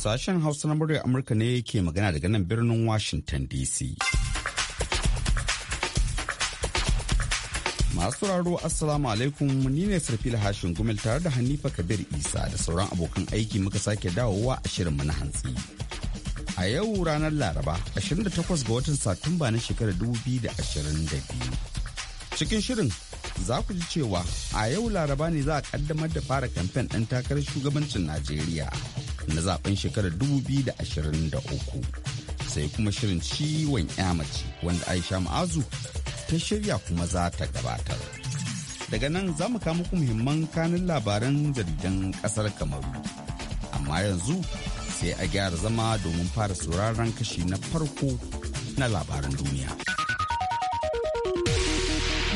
Sashen Hausa na muryar Amurka ne ke magana daga nan birnin Washington DC. Masu raro Assalamu alaikum ni ne Sarfila Hashin Gumel tare da Hanifa Kabir Isa da sauran abokan aiki muka sake dawowa a shirin na hantsi. A yau ranar Laraba 28 ga watan Satumba na shekarar 2022. Cikin shirin za ku ji cewa a yau laraba ne za a kaddamar da fara kamfen ɗan takarar shugabancin najeriya na zaben shekarar dubu biyu da da ashirin uku sai kuma shirin ciwon mace wanda aisha ma'azu ta shirya kuma za ta gabatar daga nan za mu kama ku muhimman kanin labaran jaridan kasar kamaru amma yanzu sai a gyara zama domin fara sauraron kashi na farko na labaran duniya.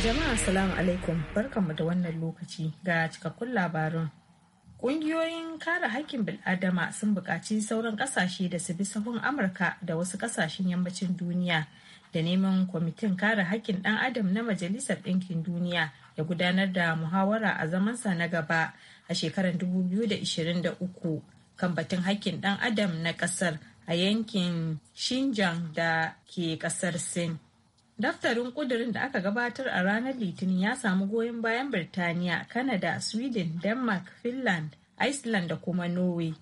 Jama'a salamu alaikum barkanmu da wannan lokaci ga cikakkun labarun. Ƙungiyoyin kare haƙƙin bil'adama sun buƙaci sauran ƙasashe da su bi sahun Amurka da wasu ƙasashen yammacin duniya da neman kwamitin kare haƙƙin ɗan adam na Majalisar Ɗinkin Duniya ya gudanar da muhawara a zamansa na gaba a shekarar 2023 kan batun haƙƙin ɗan adam na ƙasar a yankin shinjan da ke ƙasar Sin. Daftarin ƙudurin da aka gabatar a ranar Litinin ya samu goyon bayan Birtaniya, Kanada, Sweden, Denmark, Finland, Iceland da kuma Norway.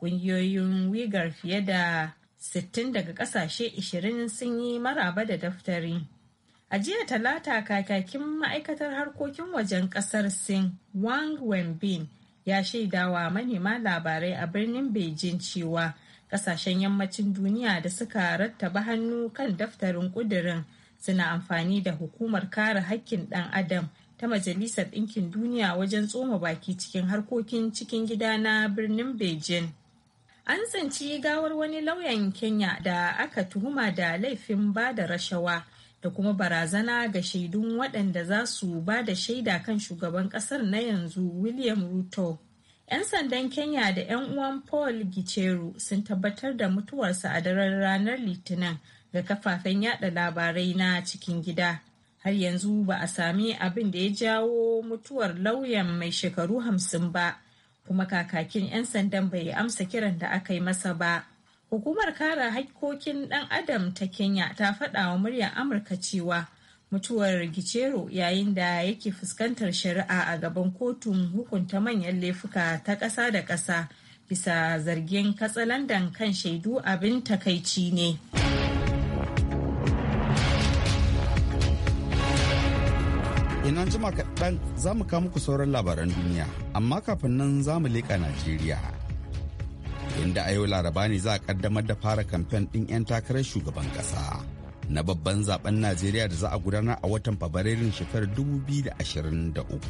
Ƙungiyoyin wigar fiye da 60 daga ƙasashe 20 sun yi maraba da daftari. A jiya talata kakakin ma'aikatar harkokin wajen ƙasar Sin Wang Wenbin ya shaidawa manema labarai a birnin Beijing cewa ƙasashen yammacin duniya da suka rattaba hannu kan daftarin ƙudirin suna amfani da hukumar kare hakkin ɗan adam ta majalisar ɗinkin duniya wajen tsoma baki cikin harkokin cikin gida na birnin beijing an zanci gawar wani lauyan kenya da aka tuhuma da laifin ba da rashawa da kuma barazana ga shaidun waɗanda za su ba da shaida kan shugaban ƙasar na yanzu william ruto 'yan sandan kenya da 'yan uwan paul gicheru sun tabbatar da mutuwarsa a daren ranar litinin da kafafen yada labarai na cikin gida har yanzu ba a sami abin da ya jawo mutuwar lauyan mai shekaru hamsin ba kuma kakakin 'yan sandan bai amsa kiran da aka yi masa ba hukumar kare hakkokin ɗan adam ta kenya ta faɗa wa muryar amurka cewa mutuwar gicero yayin da yake fuskantar shari'a a gaban kotun hukunta manyan laifuka ta ƙasa da ƙasa bisa zargin katsalandan kan shaidu abin takaici ne. in an jima kaɗan za mu kawo muku sauran labaran duniya amma kafin nan za mu leƙa najeriya inda a yau laraba ne za a ƙaddamar da fara kamfen ɗin 'yan takarar shugaban ƙasa na babban zaben najeriya da za a gudanar a watan fabrairun shekarar 2023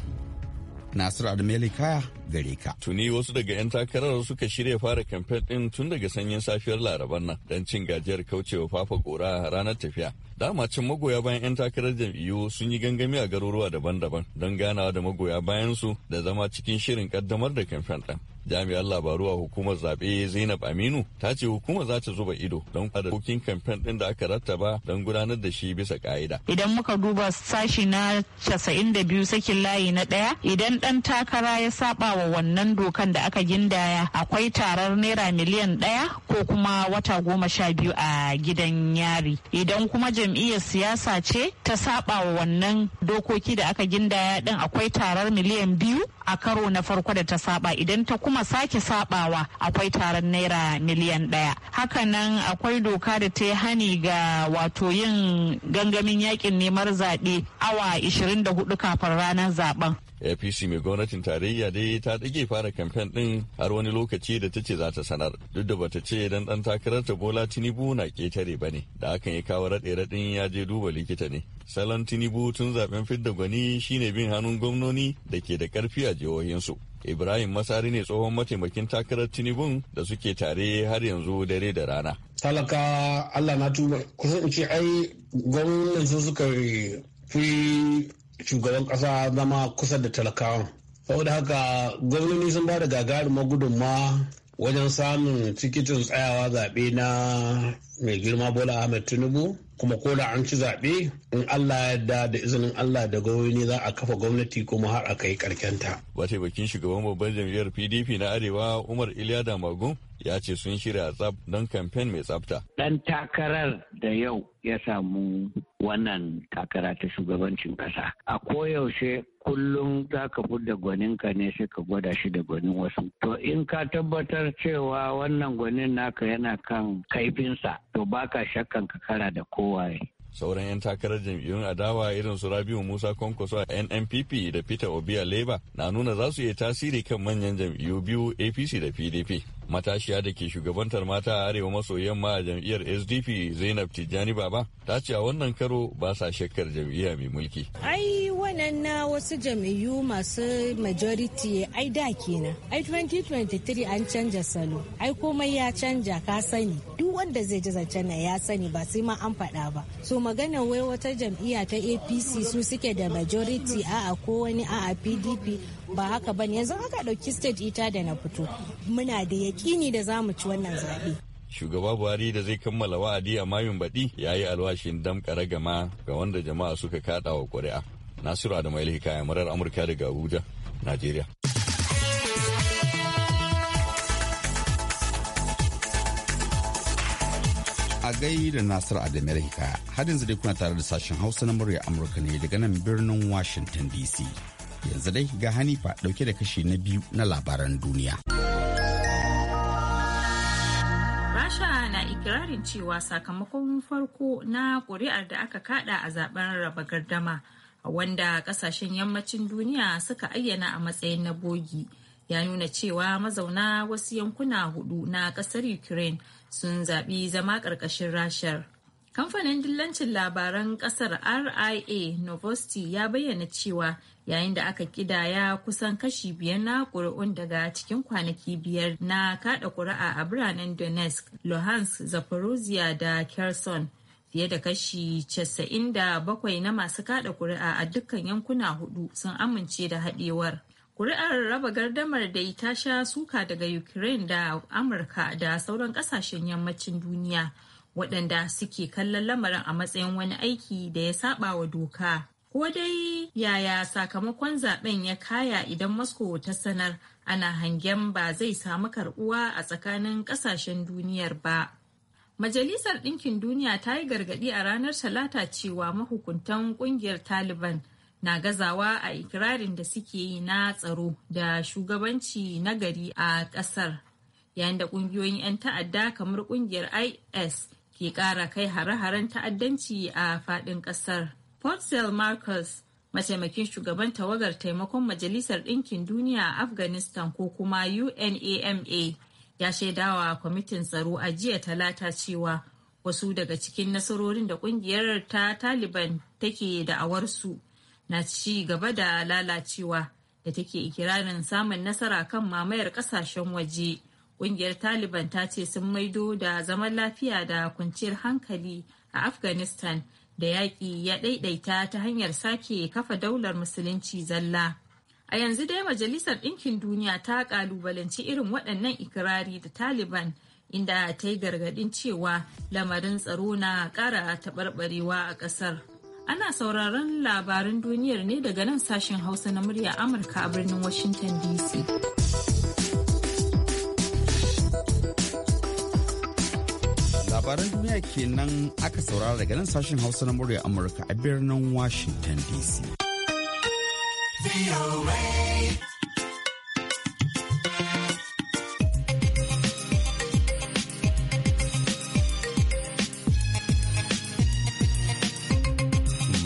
Nasiru Adameli Kaya gare ka. Tuni wasu daga 'yan takarar suka shirya fara kamfen ɗin tun daga sanyin safiyar laraban nan don cin gajiyar kaucewa fafa kora ranar tafiya. Dama cin magoya bayan 'yan takarar jam'iyyu sun yi gangami a garuruwa daban-daban don ganawa da magoya bayansu da zama cikin shirin kaddamar da kamfen ɗin. jami'an labaru a hukumar zaɓe zainab aminu ta ce hukumar za ta zuba ido don fara dokin kamfen ɗin da aka rattaba don gudanar da shi bisa ka'ida idan muka duba sashi na casa'in da biyu sakin layi na ɗaya idan ɗan takara ya saba wa wannan dokan da aka gindaya akwai tarar naira miliyan ɗaya ko kuma wata goma sha biyu a gidan yari idan kuma jam'iyyar siyasa ce ta saba wa wannan dokoki da aka gindaya ɗin akwai tarar miliyan biyu a karo na farko da ta saba idan ta kuma kuma sake sabawa akwai taron naira miliyan ɗaya hakanan akwai doka da ta yi hani ga wato yin gangamin yakin neman zaɓe awa 24 kafin ranar zaben apc mai gwamnatin tarayya dai ta dage fara kamfen din har wani lokaci da ta ce za ta sanar duk da bata ce dan ɗan takarar ta bola tinubu na ketare ba ne da hakan ya kawo raɗe raɗin ya je duba likita ne salon tinubu tun zaben fidda gwani shine bin hannun gwamnoni da ke da karfi a jihohinsu Ibrahim Masari ne tsohon mataimakin takarar Tinubun da suke tare har yanzu dare da rana. Talaka Allah na tuba kusan in ce ai su suka fi shugaban kasa zama kusa da talakawan da haka gwamnoni sun ba da gagarumar gudunmawa wajen samun tikitin tsayawa zaɓe na mai girma bola ahmed tinubu kuma ko da an ci zaɓe in allah yadda da izinin allah da gwamnati za a kafa gwamnati kuma har a kai karkenta mataimakin shugaban babban jam'iyyar pdp na arewa umar iliya damagun ya ce sun shirya tsab don kamfen mai tsafta. Dan takarar da yau ya samu wannan takara ta shugabancin kasa. A koyaushe kullum za ka da gwaninka ne sai ka gwada shi da gwanin wasu. To in ka tabbatar cewa wannan gwanin naka yana kan kaifinsa to baka shakkan ka kara da kowaye. sauran 'yan takarar jam'iyyun adawa irin su rabiu musa kwankwaso a nnpp da peter obi a labour na nuna za su iya tasiri kan manyan jam'iyyu biyu apc da pdp matashiya da ke shugabantar mata a arewa maso yamma a jam'iyyar sdp zainab tijjani baba ta ce a wannan karo ba sa shakkar jam'iyya mai mulki ai wannan na wasu jam'iyyu masu majority ai da kenan ai 2023 an canja salo ai komai ya canja ka sani duk wanda zai ji zancen ya sani ba sai ma an faɗa ba so magana wai wata jam'iyya ta apc su suke da majority a ko wani a'a pdp ba haka ba ne yanzu haka ɗauki state ita da na fito muna da yaƙini da za mu ci wannan zaɓe. shugaba buhari da zai kammala wa'adi a mayun baɗi ya yi alwashin damƙare gama ga wanda jama'a suka kaɗa wa ƙuri'a nasiru adamu kaya murar amurka daga abuja najeriya a gai da Nasir Adamir Hikaya. Har yanzu dai kuna tare da sashen Hausa na murya Amurka ne daga nan birnin Washington DC. yanzu dai ga hanifa dauke da kashi na biyu na labaran duniya rasha na ikirarin cewa sakamakon farko na kuri'ar da aka kada a zaben raba gardama wanda kasashen yammacin duniya suka ayyana a matsayin na bogi ya nuna cewa mazauna wasu yankuna hudu na ƙasar ukraine sun zaɓi zama ƙarƙashin rashar Kamfanin dillancin labaran kasar RIA Novosti ya bayyana cewa yayin da aka kidaya kusan kashi biyar na ƙuri'un daga cikin kwanaki biyar na kaɗa ƙuri'a a biranen Donetsk, Luhansk, Zaporozhia da Kherson. Fiye da kashi casa'in da bakwai na masu kaɗa ƙuri'a a dukkan yankuna hudu sun amince da haɗewar. Kuri'ar raba gardamar da ta sha suka daga Ukraine da Amurka da sauran ƙasashen yammacin duniya. waɗanda suke kallon lamarin a matsayin wani aiki da ya saba wa doka. Ko dai yaya sakamakon zaben ya kaya idan Moscow ta sanar ana hangen ba zai samu karbuwa a tsakanin ƙasashen duniyar ba. Majalisar Ɗinkin Duniya ta yi gargaɗi a ranar Talata cewa mahukuntan ƙungiyar Taliban na gazawa a ikirarin da suke yi na tsaro da shugabanci na gari a ƙasar yayin da ƙungiyoyin 'yan ta'adda kamar ƙungiyar is ke ƙara kai hare-haren ta'addanci a faɗin ƙasar. Portsel Marcus, mataimakin shugaban tawagar taimakon Majalisar Dinkin Duniya a Afghanistan ko kuma UNAMA, ya shaidawa kwamitin tsaro a jiya talata cewa wasu daga cikin nasarorin da ƙungiyar ta Taliban take da'awarsu na ci gaba da lalacewa da take ikirarin samun nasara kan mamayar ƙasashen waje. Ƙungiyar Taliban ta ce sun maido da zaman lafiya da kwanciyar hankali a Afghanistan da yaƙi ya ɗaiɗaita ta hanyar sake kafa daular musulunci zalla. A yanzu dai Majalisar Ɗinkin Duniya ta ƙalubalanci irin waɗannan ikirari da Taliban inda ta yi gargaɗin cewa lamarin tsaro na ƙara taɓarɓarewa a ƙasar. Ana sauraron labarin duniyar ne daga nan sashen Hausa na murya Amurka a birnin Washington DC. labaran duniya kenan aka saurara daga nan sashen hausa na murya amurka a birnin washington dc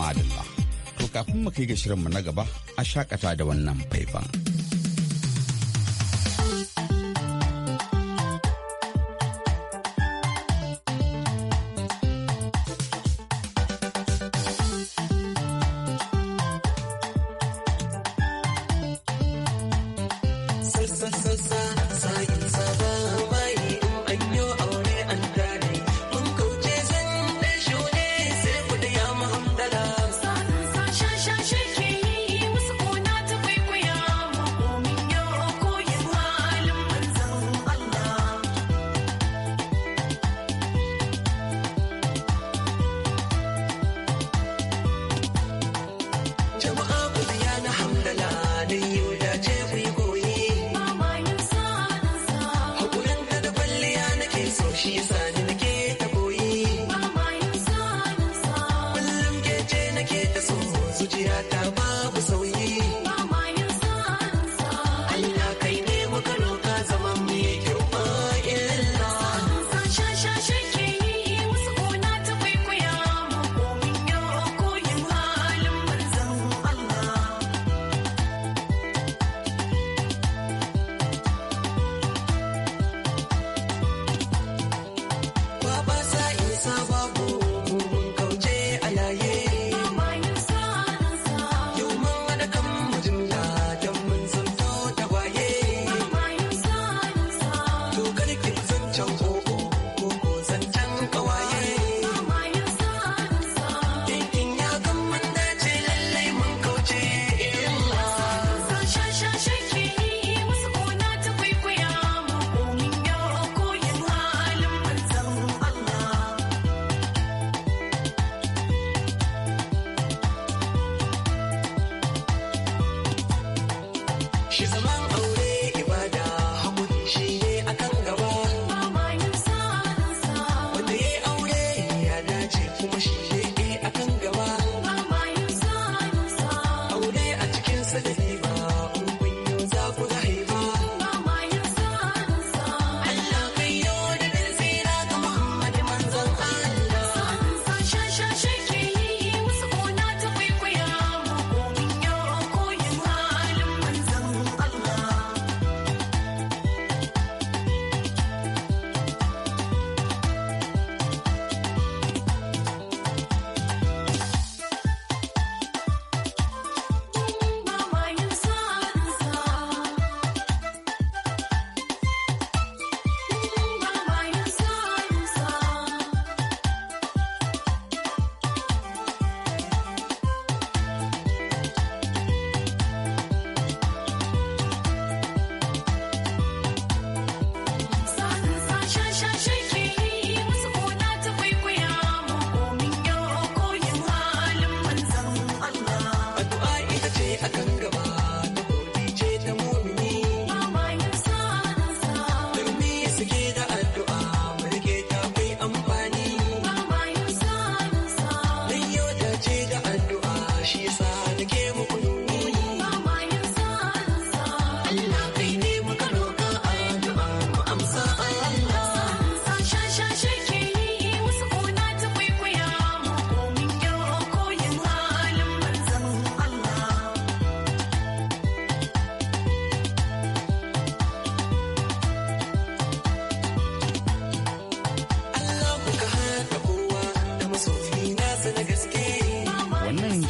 madalla to kafin mu kai ga shirinmu na gaba a shakata da wannan faifan.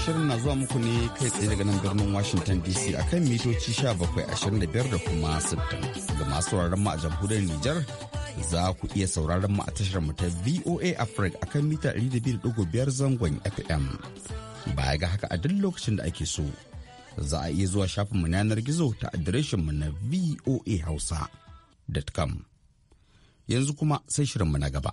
shirin na zuwa muku ne kai tsaye daga nan birnin Washington DC a kan mitoci 1725 da kuma 60. Ga masu sauraron mu a jamhuriyar Nijar za ku iya sauraron mu a tashar mu ta VOA Africa akan mita 200.5 zangon FM. Baya ga haka a duk lokacin da ake so za a iya zuwa shafin mu yanar gizo ta adireshin mu na voahausa.com. Yanzu kuma sai shirin mu na gaba.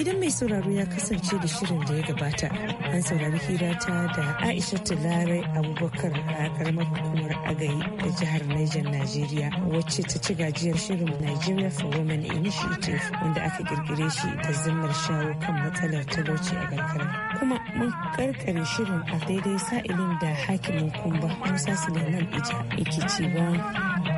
Idan mai sauraro ya kasance da shirin da ya gabata, an saurari hira ta da Aisha Larai Abubakar a karamar hukumar Agayi da jihar Niger nigeria wacce ta ci gajiyar shirin Nigeria for Women Initiative wanda aka kirkire shi da zimmar shawo kan matsalar talauci a karkara. Kuma mun karkare shirin a daidai sa'ilin da hakimin kumba Musa Suleiman Ija yake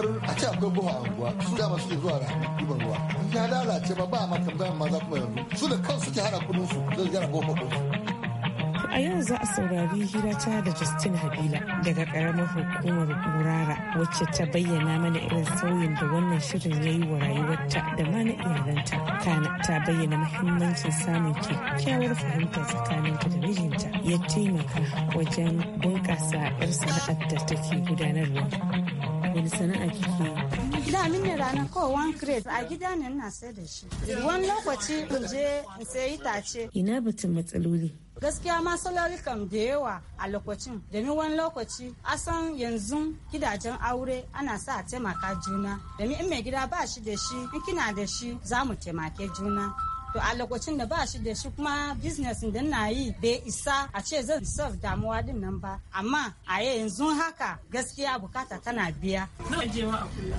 kamar a ce akwai buhu a unguwa su dama suke zuwa da ɗiban ruwa in ya lalace ba ba ma tambayar maza kuma yanzu su da kansu suke hana kudin su zai gyara goma ko a yau za a saurari hira ta da Justin Habila daga karamar hukumar Gurara wacce ta bayyana mana irin sauyin da wannan shirin ya yi wa rayuwarta da ma na iyalanta. Kana ta bayyana mahimmancin samun kyakkyawar fahimta tsakaninta da mijinta ya taimaka wajen bunkasa 'yar sana'ar da take gudanarwa. wani sana'a kike yi? Da min ne rana ko crate a gida ne ina sai da shi. Wani lokaci in je in sayi tace. Ina batun matsaloli. gaskiya ma masalari kam da yawa a lokacin domin wani lokaci asan yanzu gidajen aure ana sa a taimaka juna domin in mai gida ba shi da shi in kina da shi za mu taimake juna to a lokacin da ba shi da shi kuma business da na yi bai isa a ce zan solve damuwa din nan ba amma a yanzu haka gaskiya bukata tana biya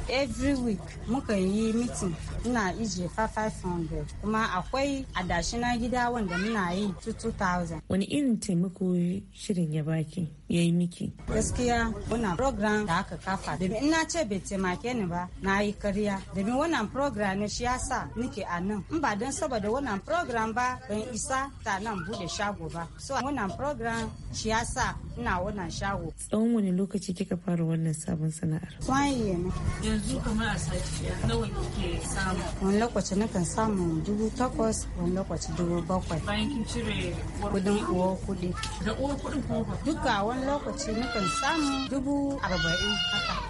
every week muka yi meeting ina ije 500 kuma akwai adashi na gida wanda muna yi 2000 wani irin taimako shirin ya baki ya yi miki gaskiya wannan program da aka kafa domin ina ce bai taimake ni ba na yi karya domin wannan program ne shi yasa nike a nan in ba don saboda da wannan program ba ban isa ta nan bude shago ba so wannan program shi ya sa ina wannan shago tsawon wani lokaci kika fara wannan sabon sana'ar kwaye ne yanzu kamar a sati nawa kike samu wani lokaci kan samu dubu takwas wani lokaci dubu bakwai bayan kin cire kudin uwa kudi da uwa kudin kuma duka wani lokaci kan samu dubu arba'in haka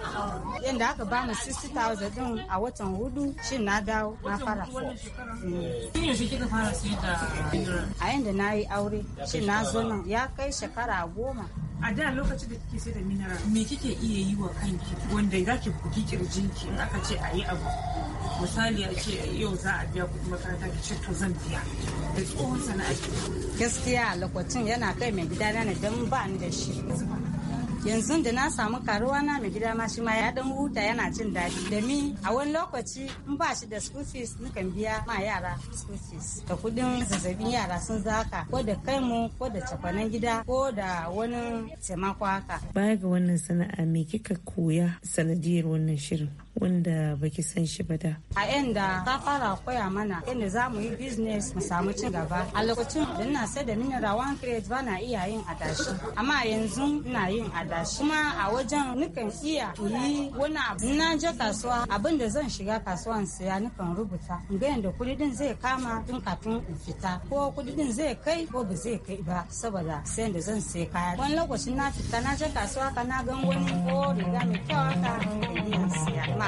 Yanda aka ba mu 60,000 din a watan hudu shi na dawo na fara A yadda na yi aure shi na zona ya kai shekara goma. a da lokacin da kike sai da mineral me kike iya yi wa kanki wanda za ki bugi kirjinki in aka ce a yi abu misali a ce yau za a biya kuɗin makaranta ki ce to zan biya da tsohon sana'a gaskiya lokacin yana kai mai gida na don ba ni da shi yanzu da na samu karuwa na mai gida ma shi ma ya dan huta yana jin daɗi da ni a wani lokaci in ba shi da school fees nukan biya ma yara school fees da kuɗin zazzabin yara sun zaka ko da kai mu ko da cakwanan gida ko da wani taimako haka. Baya ga wannan sana'a me kika koya sanadiyar wannan shirin? wanda baki san shi ba da. A da ta fara koya mana yadda za mu yi business mu samu ci gaba. A lokacin da ina sai da mineral one crate ba na iya yin adashi. Amma yanzu ina yin adashi. Kuma a wajen nukan iya yi wani abu. Na je kasuwa abin da zan shiga kasuwan siya nukan rubuta. In ga yadda kuɗin zai kama tun kafin in fita. Ko din zai kai ko ba zai kai ba saboda sai da zan sai kaya. Wani lokacin na fita na je kasuwa ka na gan wani ko riga mai kyau haka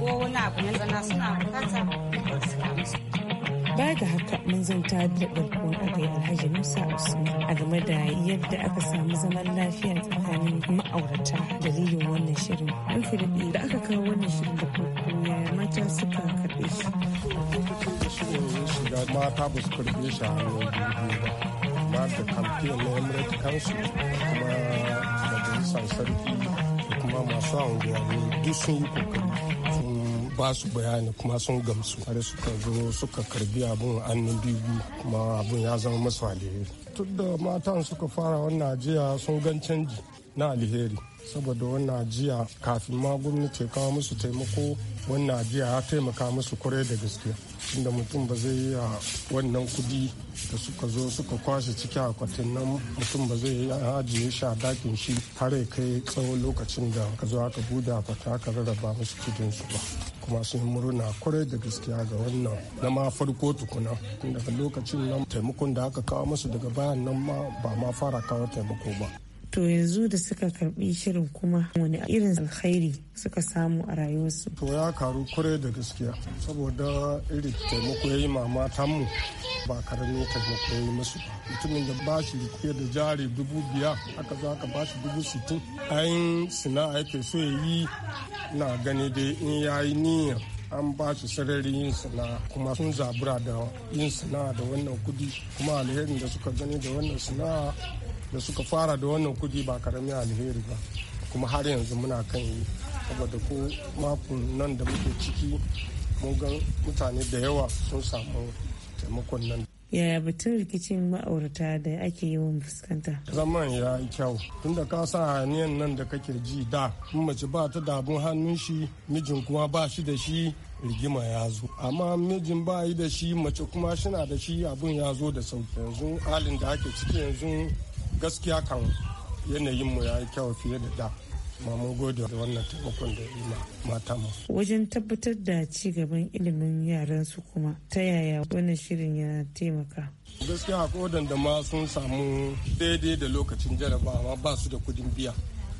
ko wani abu zana suna bukata ba su baya ga haka mun zanta da ɗarkuwan abai alhaji musa usman a game da yadda aka samu zaman lafiya tsakanin ma'aurata dalilin wannan shirin an filibi da aka kawo wannan shirin da farko ya mata suka karɓe shi shiga mata ba su karɓe shi a hannun biyu ba mata da kamfe na emirate council kuma majalisar sarki kuma masu anguwanni duk sun kokari sun ba su bayani kuma sun gamsu har suka zo suka karbi abun annin bibu kuma abin ya zama masu alheri tun da matan suka fara wannan ajiya sun gan canji na alheri saboda wannan ajiya kafin ma gwamnati kawo musu taimako wannan ajiya ya taimaka musu kwarai da gaskiya inda mutum ba zai yi ah, wannan kudi da suka zo suka kwashe ciki akwatin nan mutum ba zai yi ajiye shi a dakin shi har ya kai tsawon lokacin da ka zo aka bude akwatin aka rarraba musu cikin su ba kuma sun murna kwarai da gaskiya ga wannan na ma farko tukuna daga lokacin nan taimakon da aka kawo musu daga bayan nan ma ba ma fara kawo taimako ba to yanzu da suka karbi shirin kuma wani irin alkhairi suka samu a rayuwarsu to ya karu kure da gaskiya saboda iri taimako ya yi mama mu ba karami taimako ya yi musu mutumin da ba shi fiye da jari dubu biya aka za ka ba shi dubu sittin ayin sina yake so ya yi na gani dai in ya yi niyyar an ba shi sarari yin sana'a kuma sun zabura da yin sana'a da wannan kudi kuma alherin da suka gani da wannan sana'a da suka fara da wannan kudi ba karami alheri ba kuma har yanzu muna kan yi saboda ko makon nan da muke ciki mun mutane da yawa sun samu taimakon nan yaya batun rikicin ma'aurata da ake yawan fuskanta zaman ya yi kyau tunda ka sa haniyan nan da ka ji da in mace ba ta dabun hannun shi mijin kuma ba shi da shi rigima ya zo amma mijin ba yi da shi mace kuma shina da shi abun ya zo da sauki yanzu halin da ake ciki yanzu gaskiya kan yanayin mu ya yi kyau fiye da da ma gode da wannan taimakon da yi mata mu wajen tabbatar da ci gaban ilimin yaran su kuma ta yaya wannan shirin ya taimaka gaskiya ko da ma sun samu daidai da lokacin jarabawa ba su da kudin biya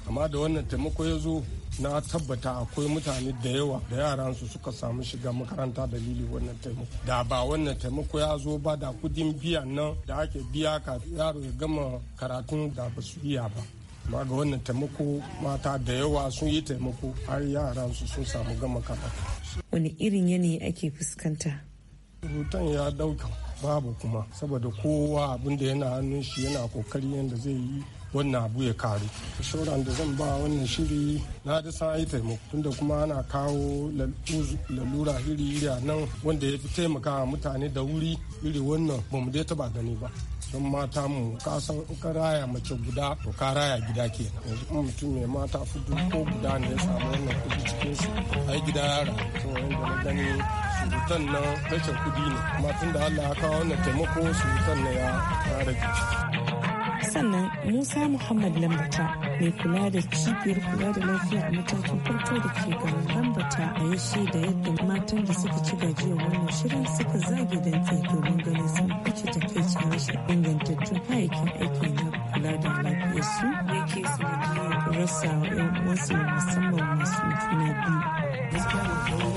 amma da wannan taimako ya zo na tabbata akwai mutane da yawa da yaransu suka samu shiga makaranta dalili wannan taimako da ba wannan taimako ya zo ba da kudin biya nan da ake biya ka yaro ya gama karatun da ba su iya ba amma ga wannan taimako mata da yawa sun yi taimako har yaransu sun samu gama karatu wani irin yanayi ake fuskanta rutan ya dauka babu kuma saboda kowa abin da yana hannun shi yana kokari yadda zai yi wannan abu ya karu shoran da zan ba wannan shiri na da san yi taimako tunda kuma ana kawo lalura iri iri a nan wanda ya fi taimaka mutane da wuri iri wannan ba mu dai taba gani ba don mata mu ka san ka raya mace guda to ka raya gida ke yanzu kuma mutum mai mata fudu ko guda ne ya samu wannan kudi cikin su ai gida ya rayu to wanda na gani surutan nan rashin kudi ne kuma tunda Allah ya kawo wannan taimako surutan na ya rage sannan musa muhammad lambata mai kula da cibiyar kula da lafiya a matakin farko da ke garin lambata a yashi shaida yadda matan da suka ci gajiyar wannan shirin suka zage dantse domin ganin sun fice ci rashin ingantattun kayayyakin aiki na kula da lafiyar su yake sanadiyar rasa 'yan uwansu musamman masu juna biyu.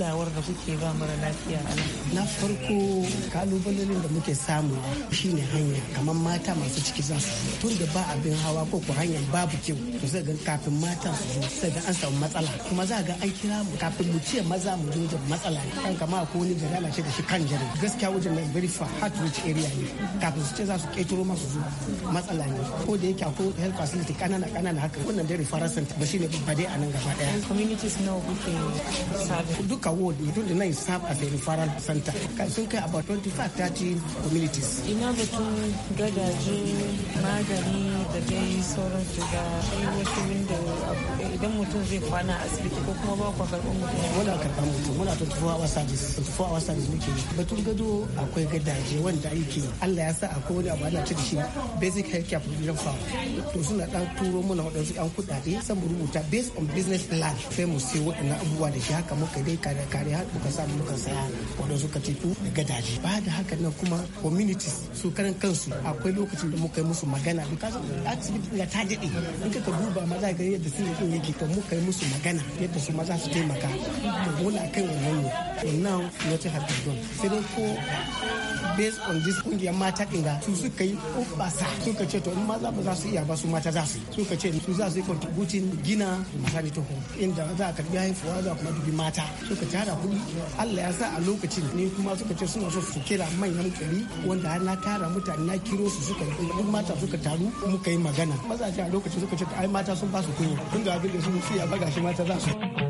kulawar da kuke ba mara lafiya Na farko kalubalen da muke samu shine hanya kamar mata masu ciki za su tun da ba abin hawa ko ko hanyar babu kyau to zai ga kafin mata su zo sai ga an samu matsala kuma za ga an kira mu kafin mu ce maza mu je wajen matsala ne kan kama ko wani da lalace da shi kan jare gaskiya wajen mai very far hard to reach area ne kafin su ce za su ketaro masu zo matsala ne ko da yake ko health facility kanana kanana haka wannan dai referral center ba shine ba dai a nan gaba daya communities nawa kuke sabi duka award in 2009 served as a referral center sun kai about 25 30 communities ina batun gadaje magani da dai sauran su da wasu winda idan mutum zai kwana a asibiti ko kuma ba ku karɓar mutum muna karɓar mutum muna ta tuwa service tuwa wa service muke batun gado akwai gadaje wanda ake Allah ya sa akwai wani abu ana ce da shi basic health care provision fund to suna dan turo muna waɗansu yan kuɗaɗe san rubuta based on business plan sai mu sai waɗannan abubuwa da shi haka muka dai ka da kare har muka samu muka saya wanda suka tu da gadaji. ba da haka nan kuma communities su karan kansu akwai lokacin da muka yi musu magana because asibiti ga ta daɗe in ka duba maza ga yadda su yi yake to muka yi musu magana yadda su maza su taimaka to muna kan wannan ne wannan wata harkar don sai dai ko based on this kungiyar mata din ga su suka yi ubasa suka ce to in maza ba za su iya ba su mata za su yi suka ce su za su yi contributing gina maternity home inda za a karbi haifuwa za kuma dubi mata suka tara kuɗi Allah ya sa a lokacin ne kuma suka ce suna so su kira manyan gari wanda har na tara mutane na kiro su suka duk mata suka taru muka yi magana mazaje a lokacin suka ce ai mata sun ba su tun da abin da su ya baga shi mata za su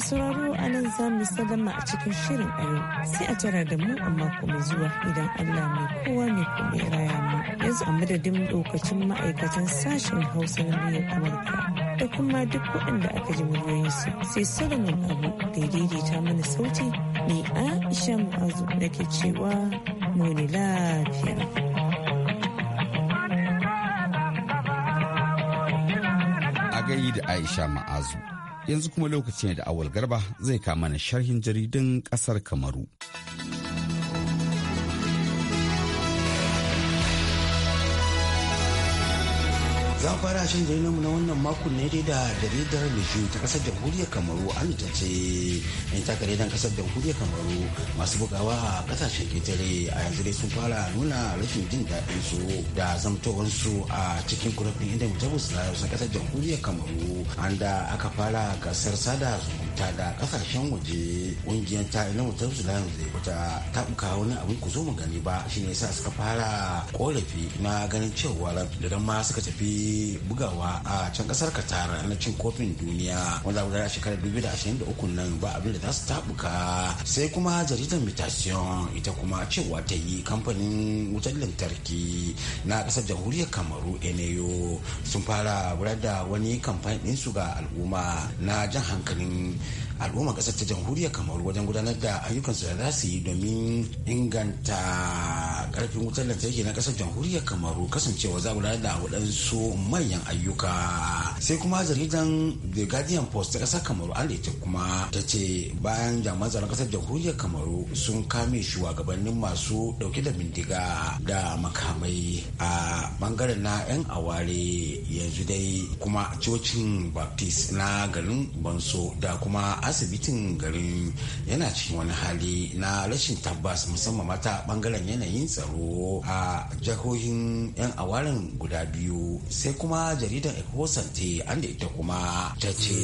mai sauraro a nan za mu sallama a cikin shirin a sai a tara da mu amma kuma zuwa idan Allah mai kowa mai kuma ya raya mu yanzu a madadin lokacin ma'aikatan sashen Hausa na muryar Amurka da kuma duk waɗanda aka ji muryoyinsu sai Solomon Abu da daidaita mana sauti ni Aisha Mu'azu nake cewa mu ne lafiya. gayi da Aisha Ma'azu. yanzu kuma lokaci ne da awal garba zai kama na sharhin jaridun kasar kamaru. za fara shan jirgin na wannan makon ne dai da jaridar Leju ta kasar jamhuriyar Kamaru an ta ce yan takare dan kasar jamhuriyar Kamaru masu bugawa a kasashen ketare a yanzu dai sun fara nuna rashin jin daɗin su da zamtowarsu a cikin kurafin inda mutabus na kasar jamhuriyar Kamaru an da aka fara gasar sada zumunta da kasashen waje ƙungiyar ta ina mutabus na yanzu ta buka wani abin ku zo mu gani ba shine yasa suka fara korafi na ganin cewa da ma suka tafi bugawa a can kasar Qatar na cin kofin duniya wanda gudanar shekarar 2023 nan ba abin da za su tabuka sai kuma jaridar mutation ita kuma cewa ta yi kamfanin wutar lantarki na kasar jamhuriyar kamaru eneyo sun fara gudanar da wani kamfanin su ga al'umma na jan hankalin al'ummar kasar ta jamhuriyar kamaru wajen gudanar da ayyukansu da za su yi domin inganta karfin wutar lantarki na kasar jamhuriyar kamaru kasancewa za gudanar da waɗansu manyan ayyuka sai kuma jaridan the guardian post ta kasar kamaru an ita kuma ta ce bayan jami'an tsaron kasar jamhuriyar kamaru sun kame shugabannin masu ɗauke da bindiga da makamai a bangaren na 'yan aware yanzu dai kuma cocin baptist na garin banso da kuma asibitin garin yana cikin wani hali na rashin tabbas musamman mata bangaren yanayin tsaro a jihohin 'yan awarin guda biyu sai kuma jaridar ekosante an da ita kuma ta ce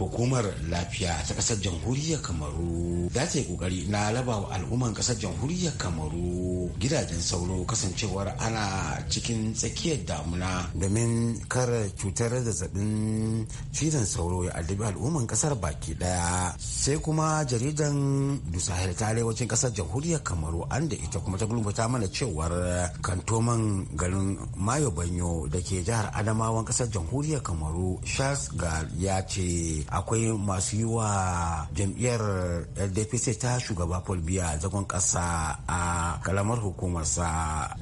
hukumar lafiya ta kasar jamhuriyar kamaru za ta yi kokari na raba wa al'umman kasar jamhuriyar kamaru gidajen sauro kasancewar ana cikin tsakiyar damuna domin kare cutar zazzabin cizon sauro ya addabi al'umman kasar baki ɗaya daya sai kuma jaridan dusahel ta arewacin kasar jamhuriyar kamaru an da ita kuma ta gulubuta mana cewar kantoman garin mayo banyo da ke jihar adamawan kasar jamhuriyar kamaru charles ya ce akwai masu yi wa jam'iyyar ldpc ta shugaba paul biya zagon kasa a kalamar hukumarsa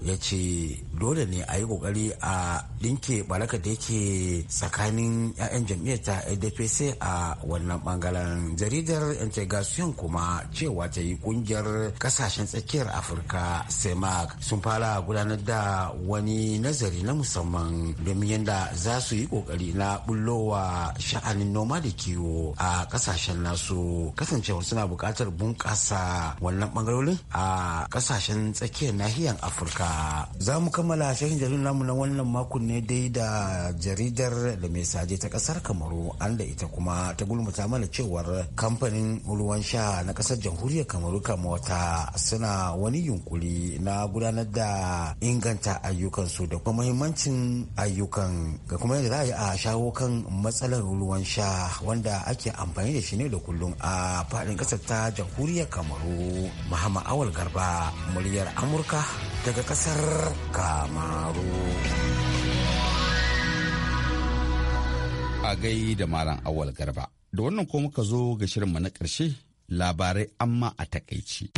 ya ce dole ne a yi kokari a dinke balaka da yake tsakanin 'ya'yan jam'iyyar ta ldpc a wannan bangaren maƙalan jaridar integration kuma cewa ta yi kungiyar kasashen tsakiyar afirka semac sun fara gudanar da wani nazari na musamman domin yadda za su yi kokari na bullowa sha'anin noma da kiwo a kasashen nasu kasancewa suna buƙatar bunƙasa wannan bangarorin a kasashen tsakiyar nahiyar afirka za mu kammala shahin jaridar namu na wannan makon ne dai da jaridar da mai saje ta ƙasar kamaru an da ita kuma ta gulmuta mana cewar kamfanin ruwan sha na kasar jamhuriyar kamaru kamota suna wani yunkuri na gudanar da inganta ayyukansu da kuma muhimmancin ayyukan ga kuma yadda za a yi a shawo kan matsalar ruwan sha wanda ake amfani da shi ne da kullum a faɗin kasar ta jamhuriyar kamaru muhammad awal garba muryar amurka daga ƙasar kamaru a gai da malam awal garba da wannan ko muka zo ga shirinmu na karshe labarai amma a takaici.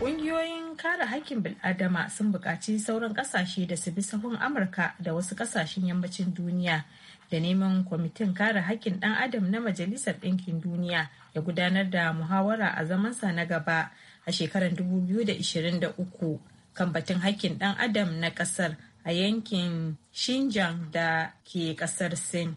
Ƙungiyoyin kare haƙƙin bil'adama sun buƙaci sauran ƙasashe da su bi sahun Amurka da wasu ƙasashen yammacin duniya da neman kwamitin kare haƙƙin ɗan adam na Majalisar Ɗinkin Duniya ya gudanar da muhawara a zamansa na gaba a shekarar 2023 kan batun haƙƙin ɗan adam na ƙasar a yankin Xinjiang da ke ƙasar Sin.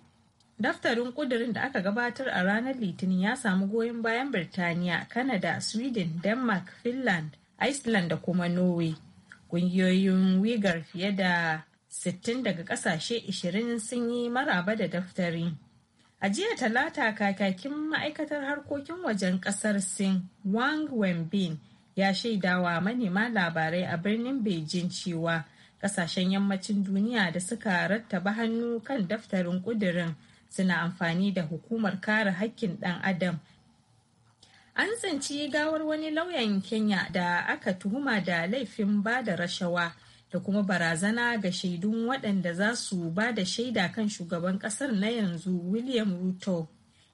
Daftarin kudirin da aka gabatar a ranar Litinin ya samu goyon bayan Birtaniya, Kanada, Sweden, Denmark, Finland, Iceland da kuma Norway. Kungiyoyin wigar fiye da 60 daga ƙasashe 20 sun yi maraba da daftari. A jiya talata kakakin ma'aikatar harkokin wajen ƙasar Sin Wang Wenbin ya shaidawa manema labarai a birnin Beijing cewa ƙasashen yammacin duniya da suka rattaba hannu kan daftarin ƙudirin. suna amfani da hukumar kare hakkin ɗan adam an tsinci gawar wani lauyan kenya da aka tuhuma da laifin ba da rashawa da kuma barazana ga shaidun waɗanda za su ba da shaida kan shugaban ƙasar na yanzu william ruto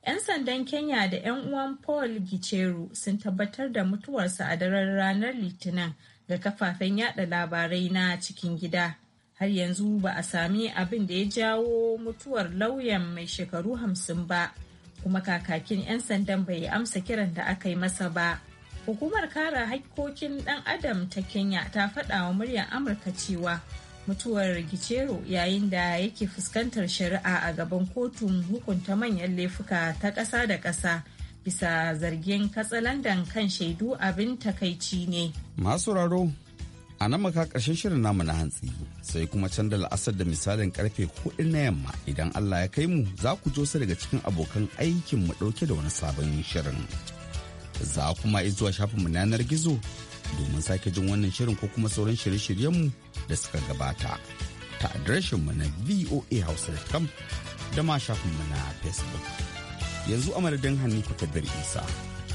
'yan sandan kenya da 'yan uwan paul gicheru sun tabbatar da mutuwarsa a daren ranar litinin ga kafafen yada labarai na cikin gida har yanzu ba a sami abin da ya jawo mutuwar lauyan mai shekaru hamsin ba kuma kakakin 'yan sandan bai amsa kiran da aka yi masa ba hukumar kare hakkokin ɗan adam ta kenya ta faɗa wa muryar amurka cewa mutuwar gicero yayin da yake fuskantar shari'a a gaban kotun hukunta manyan laifuka ta ƙasa da ƙasa bisa zargin katsalandan kan shaidu abin takaici ne. Masu raro a nan maka ƙarshen shirin namu na hantsi sai kuma can da la'asar da misalin karfe hudu na yamma idan allah ya kai mu za ku jo daga cikin abokan aikin mu ɗauke da wani sabon shirin za kuma yi zuwa shafinmu na yanar gizo domin sake jin wannan shirin ko kuma sauran shirye shiryen mu da suka gabata ta mu na voahouse.com da ma shafinmu na facebook yanzu a madadin hannu kabir isa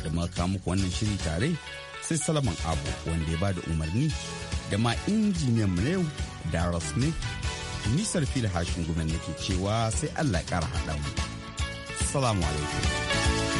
da muka muku wannan shiri tare sai salaman abu wanda ya ba da umarni da ma injiniyan mu na yau Daryl ni nisar da hashin gumen nake cewa sai Allah ya kara haɗa mu. Salamu alaikum.